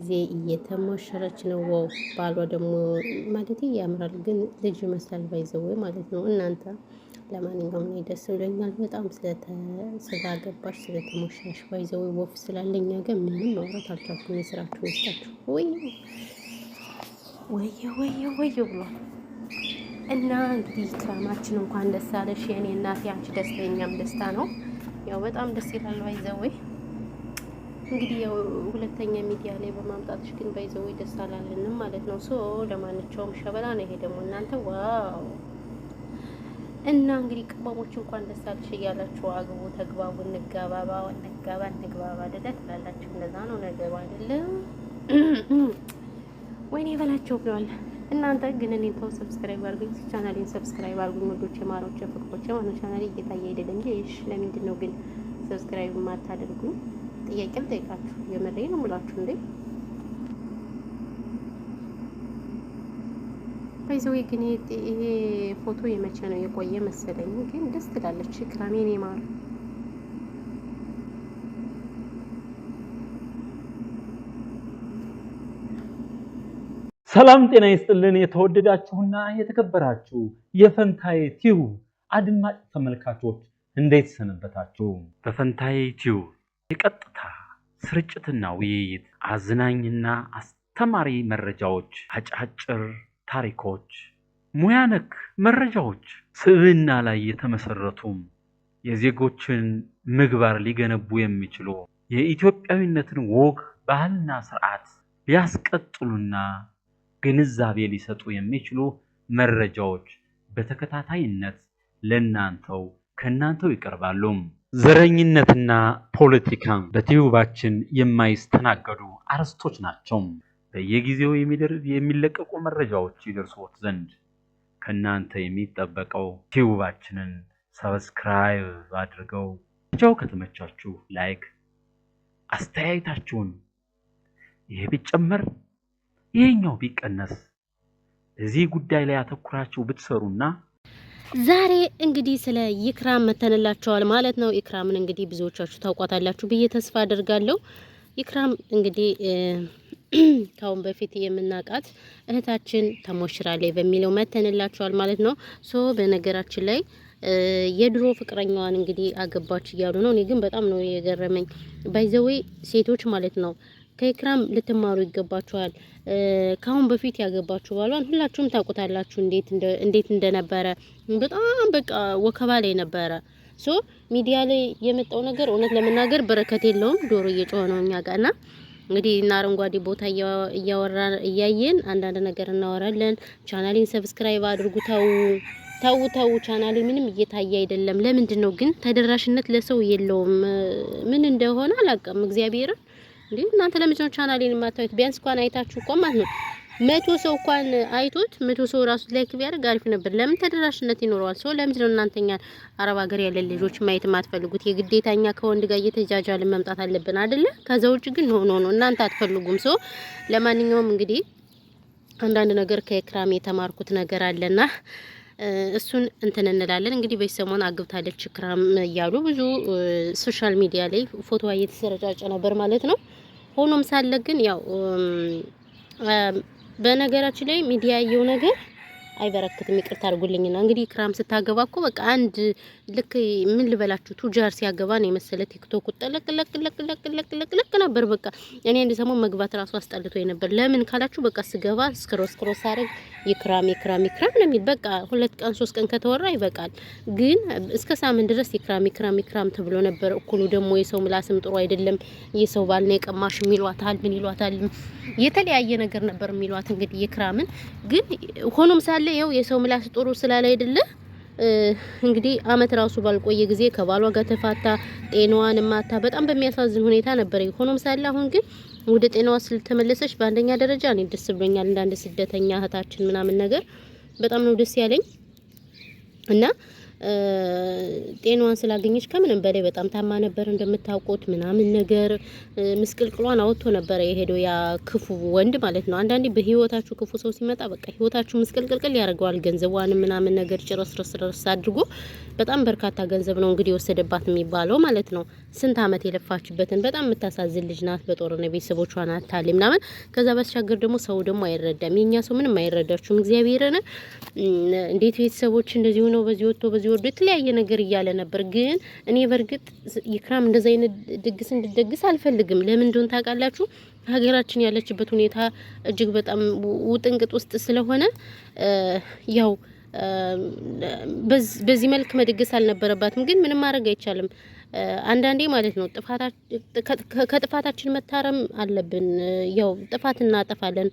ጊዜ እየተሞሸረች ነው። ዋው ባሏ ደግሞ ማለት ያምራል፣ ግን ልጅ ይመስላል ባይዘው ማለት ነው። እናንተ ለማንኛውም ደስ ብሎኛል በጣም ስላገባሽ ስለተሞሸረሽ። ባይዘው ወፍ ስላለኝ ግን ምንም ማውራት አልቻልኩም። የስራችሁ ወስጣችሁ ወይ ወየ ወየ ወየ ብሏል። እና እንግዲህ ኢክራማችን እንኳን ደስ አለሽ የኔ እናት፣ ያንቺ ደስተኛም ደስታ ነው። ያው በጣም ደስ ይላል ባይዘው እንግዲህ ሁለተኛ ሚዲያ ላይ በማምጣትሽ ግን በይዘው ደስ አላለንም ማለት ነው። ሶ ለማንኛውም ሸበላ ነው ይሄ ደግሞ እናንተ ዋው እና እንግዲህ ቅመሞች እንኳን ደስ አለሽ እያላችሁ አግቡ፣ ተግባቡ፣ እንጋባባ እንጋባ እንግባባ አይደለ ትላላችሁ። እንደዛ ነው ነገሩ አይደለም። ወይኔ በላቸው ብለዋል። እናንተ ግን እኔ ተው፣ ሰብስክራይብ አድርጉኝ፣ ቻናሌን ሰብስክራይብ አድርጉኝ። ወዶች የማሮች ፍቅሮች ማለት ቻናሌ እየታየ አይደለም። ይሽ ለምንድን ነው ግን ሰብስክራይብ ማታደርጉኝ? ጥያቄ ልጠይቃችሁ። የመሬ ነው ምላችሁ እንዴ ይዘው ግን ይሄ ፎቶ የመቼ ነው የቆየ መሰለኝ፣ ግን ደስ ትላለች። ክራሜን ማር ሰላም ጤና ይስጥልን። የተወደዳችሁና የተከበራችሁ የፈንታይ ቲዩብ አድማጭ ተመልካቾች እንዴት ሰነበታችሁ? በፈንታይ ቲዩብ የቀጥታ ስርጭትና ውይይት፣ አዝናኝና አስተማሪ መረጃዎች፣ አጫጭር ታሪኮች፣ ሙያ ነክ መረጃዎች፣ ስብዕና ላይ የተመሰረቱም የዜጎችን ምግባር ሊገነቡ የሚችሉ የኢትዮጵያዊነትን ወግ ባህልና ስርዓት ሊያስቀጥሉና ግንዛቤ ሊሰጡ የሚችሉ መረጃዎች በተከታታይነት ለእናንተው ከእናንተው ይቀርባሉ። ዘረኝነትና ፖለቲካ በቲዩባችን የማይስተናገዱ አርዕስቶች ናቸው። በየጊዜው የሚለቀቁ መረጃዎች ይደርሱት ዘንድ ከእናንተ የሚጠበቀው ቲዩባችንን ሰብስክራይብ አድርገው፣ ብቻው ከተመቻችሁ ላይክ፣ አስተያየታችሁን ይሄ ቢጨመር ይሄኛው ቢቀነስ እዚህ ጉዳይ ላይ አተኩራችሁ ብትሰሩና ዛሬ እንግዲህ ስለ ይክራም መተንላቸዋል ማለት ነው። ይክራምን እንግዲህ ብዙዎቻችሁ ታውቋታላችሁ ብዬ ተስፋ አድርጋለሁ። ይክራም እንግዲህ ካሁን በፊት የምናውቃት እህታችን ተሞሽራለች በሚለው መተንላቸዋል ማለት ነው። ሶ በነገራችን ላይ የድሮ ፍቅረኛዋን እንግዲህ አገባች እያሉ ነው። እኔ ግን በጣም ነው የገረመኝ። ባይዘዌ ሴቶች ማለት ነው ከኢክራም ልትማሩ ይገባችኋል። ከአሁን በፊት ያገባችሁ ባሏን ሁላችሁም ታውቁታላችሁ፣ እንዴት እንደነበረ በጣም በቃ ወከባ ላይ ነበረ። ሶ ሚዲያ ላይ የመጣው ነገር እውነት ለመናገር በረከት የለውም። ዶሮ እየጮኸ ነው እኛ ጋር ና እንግዲህ እና አረንጓዴ ቦታ እያወራ እያየን አንዳንድ ነገር እናወራለን። ቻናሌን ሰብስክራይብ አድርጉ። ተዉ ተዉ ተዉ፣ ቻናሌ ምንም እየታየ አይደለም። ለምንድን ነው ግን ተደራሽነት ለሰው የለውም? ምን እንደሆነ አላውቅም እግዚአብሔርን እንዴ እናንተ ለምንድነው ቻናሌን የማታዩት? ቢያንስ እንኳን አይታችሁ እኮ ማለት ነው መቶ ሰው እንኳን አይቶት መቶ ሰው ራሱ ላይክ ቢያደርግ አሪፍ ነበር። ለምን ተደራሽነት ይኖረዋል ሰው። ለምንድን ነው እናንተኛ አረብ ሀገር ያለ ልጆች ማየት የማትፈልጉት? የግዴታኛ ከወንድ ጋር እየተጃጃልን መምጣት አለብን አይደለ? ከዛ ውጭ ግን ሆኖ ነው እናንተ አትፈልጉም ሰው። ለማንኛውም እንግዲህ አንዳንድ ነገር ከኤክራም የተማርኩት ነገር አለና እሱን እንትን እንላለን። እንግዲህ በሰሞን አግብታለች ክራም እያሉ ብዙ ሶሻል ሚዲያ ላይ ፎቶ እየተሰረጫጨ ነበር ማለት ነው። ሆኖም ሳለ ግን ያው በነገራችን ላይ ሚዲያ ያየው ነገር አይበረክትም። ይቅርታ አድርጉልኝና እንግዲህ ክራም ስታገባ እኮ በቃ አንድ ልክ ምን ልበላችሁ ቱጃር ሲያገባ ነው የመሰለ ቲክቶክ ጠለቅ ነበር። በቃ እኔ አንድ ሰሞን መግባት ራሱ አስጠልቶ ነበር። ለምን ካላችሁ በቃ ስገባ ስክሮስክሮስ አረግ ይክራም ይክራም ይክራም ነው የሚል በቃ ሁለት ቀን ሶስት ቀን ከተወራ ይበቃል። ግን እስከ ሳምንት ድረስ ይክራም ይክራም ይክራም ተብሎ ነበር። እኩሉ ደግሞ የሰው ምላስም ጥሩ አይደለም፣ የሰው ባል ነው የቀማሽ የሚሏታል፣ ምን ይሏታል፣ የተለያየ ነገር ነበር የሚሏት እንግዲህ ይክራምን። ግን ሆኖም ሳለ ይኸው የሰው ምላስ ጥሩ ስላለ አይደለ እንግዲህ አመት ራሱ ባልቆየ ጊዜ ከባሏ ጋር ተፋታ፣ ጤናዋን ማታ በጣም በሚያሳዝን ሁኔታ ነበር። ሆኖም ሳለ አሁን ግን ወደ ጤናዋ ስለተመለሰች በአንደኛ ደረጃ እኔ ደስ ብሎኛል። እንዳንድ ስደተኛ እህታችን ምናምን ነገር በጣም ነው ደስ ያለኝ እና ጤናዋን ስላገኘች ከምንም በላይ በጣም ታማ ነበር እንደምታውቁት ምናምን ነገር ምስቅልቅሏን አወጥቶ ነበረ የሄደው ያ ክፉ ወንድ ማለት ነው። አንዳንዴ በህይወታችሁ ክፉ ሰው ሲመጣ በቃ ህይወታችሁ ምስቅልቅልቅል ያደርገዋል። ገንዘቧንም ምናምን ነገር ጭረስረስረስ አድርጎ በጣም በርካታ ገንዘብ ነው እንግዲህ የወሰደባት የሚባለው ማለት ነው። ስንት አመት የለፋችበትን በጣም የምታሳዝን ልጅ ናት። በጦርነ ቤተሰቦቿን አታል ምናምን። ከዛ በስቻገር ደግሞ ሰው ደግሞ አይረዳም። የእኛ ሰው ምንም አይረዳችሁም። እግዚአብሔርን እንዴት ቤተሰቦች እንደዚህ ሆነው በዚህ ወጥቶ በዚህ ወርዶ የተለያየ ነገር እያለ ነበር። ግን እኔ በእርግጥ ይክራም እንደዚ አይነት ድግስ እንድደግስ አልፈልግም። ለምን እንደሆነ ታውቃላችሁ? ሀገራችን ያለችበት ሁኔታ እጅግ በጣም ውጥንቅጥ ውስጥ ስለሆነ ያው በዚህ መልክ መድግስ አልነበረባትም። ግን ምንም ማድረግ አይቻልም። አንዳንዴ ማለት ነው ከጥፋታችን መታረም አለብን። ያው ጥፋት እናጠፋለን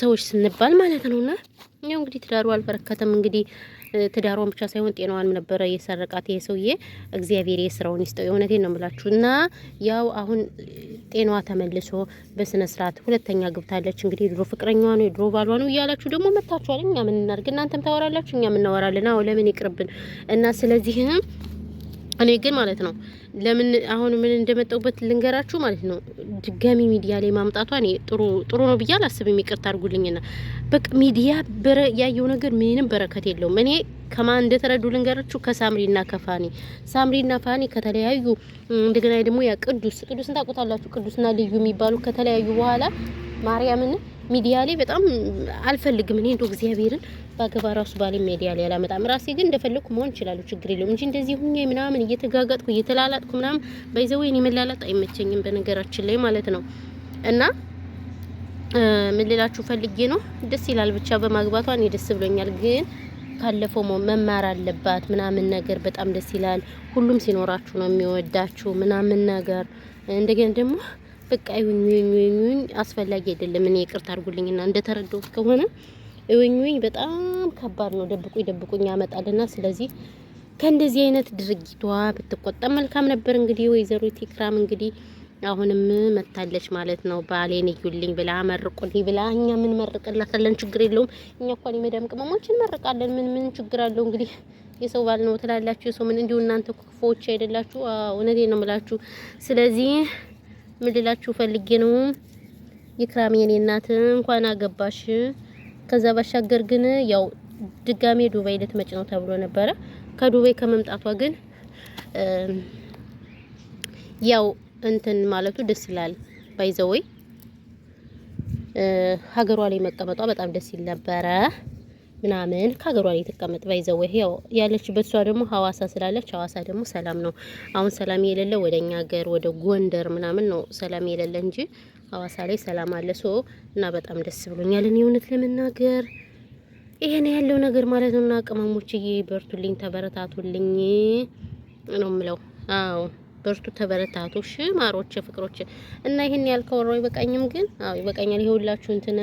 ሰዎች ስንባል ማለት ነውና ያው እንግዲህ ትዳሩ አልበረከተም እንግዲህ ትዳሯን ብቻ ሳይሆን ጤናዋን ነበረ የሰረቃት ይሄ ሰውዬ። እግዚአብሔር የስራውን ይስጠው። የእውነቴን ነው የምላችሁ። እና ያው አሁን ጤናዋ ተመልሶ በስነ ስርዓት ሁለተኛ ግብታለች። እንግዲህ ድሮ ፍቅረኛዋ ነው የድሮ ባሏ ነው እያላችሁ ደግሞ መታችኋል። እኛ ምን እናድርግ? እናንተም ታወራላችሁ፣ እኛ እናወራለን። አዎ ለምን ይቅርብን እና ስለዚህ እኔ ግን ማለት ነው ለምን አሁን ምን እንደመጣሁበት ልንገራችሁ ማለት ነው። ድጋሚ ሚዲያ ላይ ማምጣቷ እኔ ጥሩ ጥሩ ነው ብዬ አላስብም። ይቅርታ አድርጉልኝና በቃ ሚዲያ በረ ያየው ነገር ምንም በረከት የለውም። እኔ ከማን እንደተረዱ ልንገራችሁ፣ ከሳምሪና ከፋኒ ሳምሪና ፋኒ ከተለያዩ እንደገና ደግሞ ያ ቅዱስ ቅዱስን ታውቁታላችሁ። ቅዱስና ልዩ የሚባሉ ከተለያዩ በኋላ ማርያምን ሚዲያ ላይ በጣም አልፈልግም። እኔ እንደው እግዚአብሔርን ባገባ ራሱ ባሌ ሚዲያ ላይ አላመጣም። ራሴ ግን እንደፈለግኩ መሆን እችላለሁ፣ ችግር የለውም እንጂ እንደዚህ ሁኜ ምናምን እየተጋጋጥኩ እየተላላጥኩ ምናምን ባይዘው እኔ መላላጥ አይመቸኝም በነገራችን ላይ ማለት ነው እና ምን ልላችሁ ፈልጌ ነው፣ ደስ ይላል ብቻ በማግባቷ እኔ ደስ ብሎኛል። ግን ካለፈው መማር አለባት ምናምን ነገር በጣም ደስ ይላል። ሁሉም ሲኖራችሁ ነው የሚወዳችሁ ምናምን ነገር እንደገና ደግሞ በቃ ይሁን ይሁን አስፈላጊ አይደለም። እኔ ይቅርታ አድርጉልኝና እንደተረዳሁት ከሆነ ይሁን በጣም ከባድ ነው። ደብቁኝ ደብቁኝ ያመጣልና ስለዚህ ከእንደዚህ አይነት ድርጊቷ ብትቆጠብ መልካም ነበር። እንግዲህ ወይዘሪት ቲክራም እንግዲህ አሁንም መታለች ማለት ነው። ባሌን እዩልኝ ብላ መርቁልኝ ብላ እኛ ምን መርቅላታለን? ችግር የለውም እኛ እንኳን የመዳም ቅመሞች እንመርቃለን። ምን ምን ችግር አለው? እንግዲህ የሰው ባል ነው ትላላችሁ፣ የሰው ምን እንዲሁ እናንተ ክፉዎች አይደላችሁ። እውነቴን ነው የምላችሁ። ስለዚህ ምን ልላችሁ ፈልጌ ነው ኢክራም የኔ እናት እንኳን አገባሽ። ከዛ ባሻገር ግን ያው ድጋሜ ዱባይ ልትመጭ ነው ተብሎ ነበረ። ከዱባይ ከመምጣቷ ግን ያው እንትን ማለቱ ደስ ይላል። ባይዘወይ ሀገሯ ላይ መቀመጧ በጣም ደስ ይል ነበረ። ምናምን ከሀገሯ ላይ የተቀመጥ ባይዘው ያው ያለችበት እሷ ደግሞ ሀዋሳ ስላለች ሀዋሳ ደግሞ ሰላም ነው። አሁን ሰላም የሌለ ወደ እኛ ሀገር ወደ ጎንደር ምናምን ነው ሰላም የሌለ እንጂ ሀዋሳ ላይ ሰላም አለ። ሶ እና በጣም ደስ ብሎኛል። እኔ እውነት ለመናገር ይሄን ያለው ነገር ማለት ነው። እና ቅመሞችዬ በርቱልኝ፣ ተበረታቱልኝ ነው ምለው። አዎ በርቱ፣ ተበረታቱ። እሺ ማሮቼ፣ ፍቅሮቼ እና ይሄን ያልከው ሮ ይበቃኝም፣ ግን አዎ ይበቃኛል። ይሄ ሁላችሁ እንትን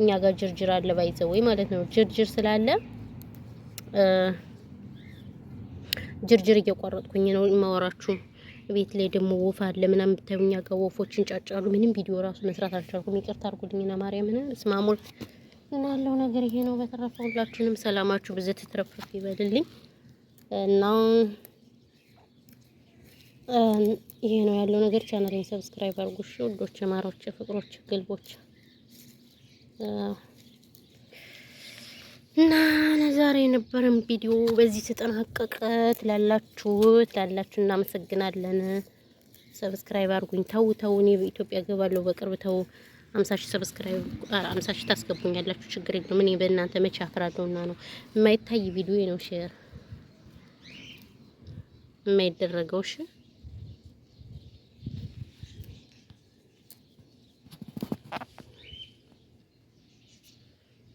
እኛ ጋር ጅርጅር አለ ባይዘው ወይ ማለት ነው። ጅርጅር ስላለ ጅርጅር እየቆረጥኩኝ ነው የማወራችሁ። ቤት ላይ ደግሞ ወፍ አለ ምናምን ብታዩ እኛ ጋር ወፎች እንጫጫሉ። ምንም ቪዲዮ ራሱ መስራት አልቻልኩም። ይቅርታ አድርጉልኝና ማርያምን ስማሙል እና ያለው ነገር ይሄ ነው። በተረፈ ሁላችሁንም ሰላማችሁ ብዘት ትረፍርፍ ይበልልኝ እና ይሄ ነው ያለው ነገር። ቻናሌን ሰብስክራይብ አድርጉሽ። ወዶች፣ ማሮች፣ ፍቅሮች፣ ግልቦች እና ለዛሬ የነበረን ቪዲዮ በዚህ ተጠናቀቀ። ትላላችሁት ላላችሁ እናመሰግናለን። ሰብስክራይብ አድርጉኝ። ተው ተው፣ እኔ በኢትዮጵያ እገባለሁ በቅርብ ተው። አምሳ ሺህ ሰብስክራይብ አምሳ ሺህ ያላችሁ ችግር የለም። እኔ በእናንተ መቼ አፍራለሁና ነው። የማይታይ ቪዲዮ ነው ሼር የማይደረገው እሺ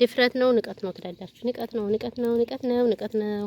ድፍረት ነው ንቀት ነው ትላላችሁ። ንቀት ነው፣ ንቀት ነው፣ ንቀት ነው፣ ንቀት ነው።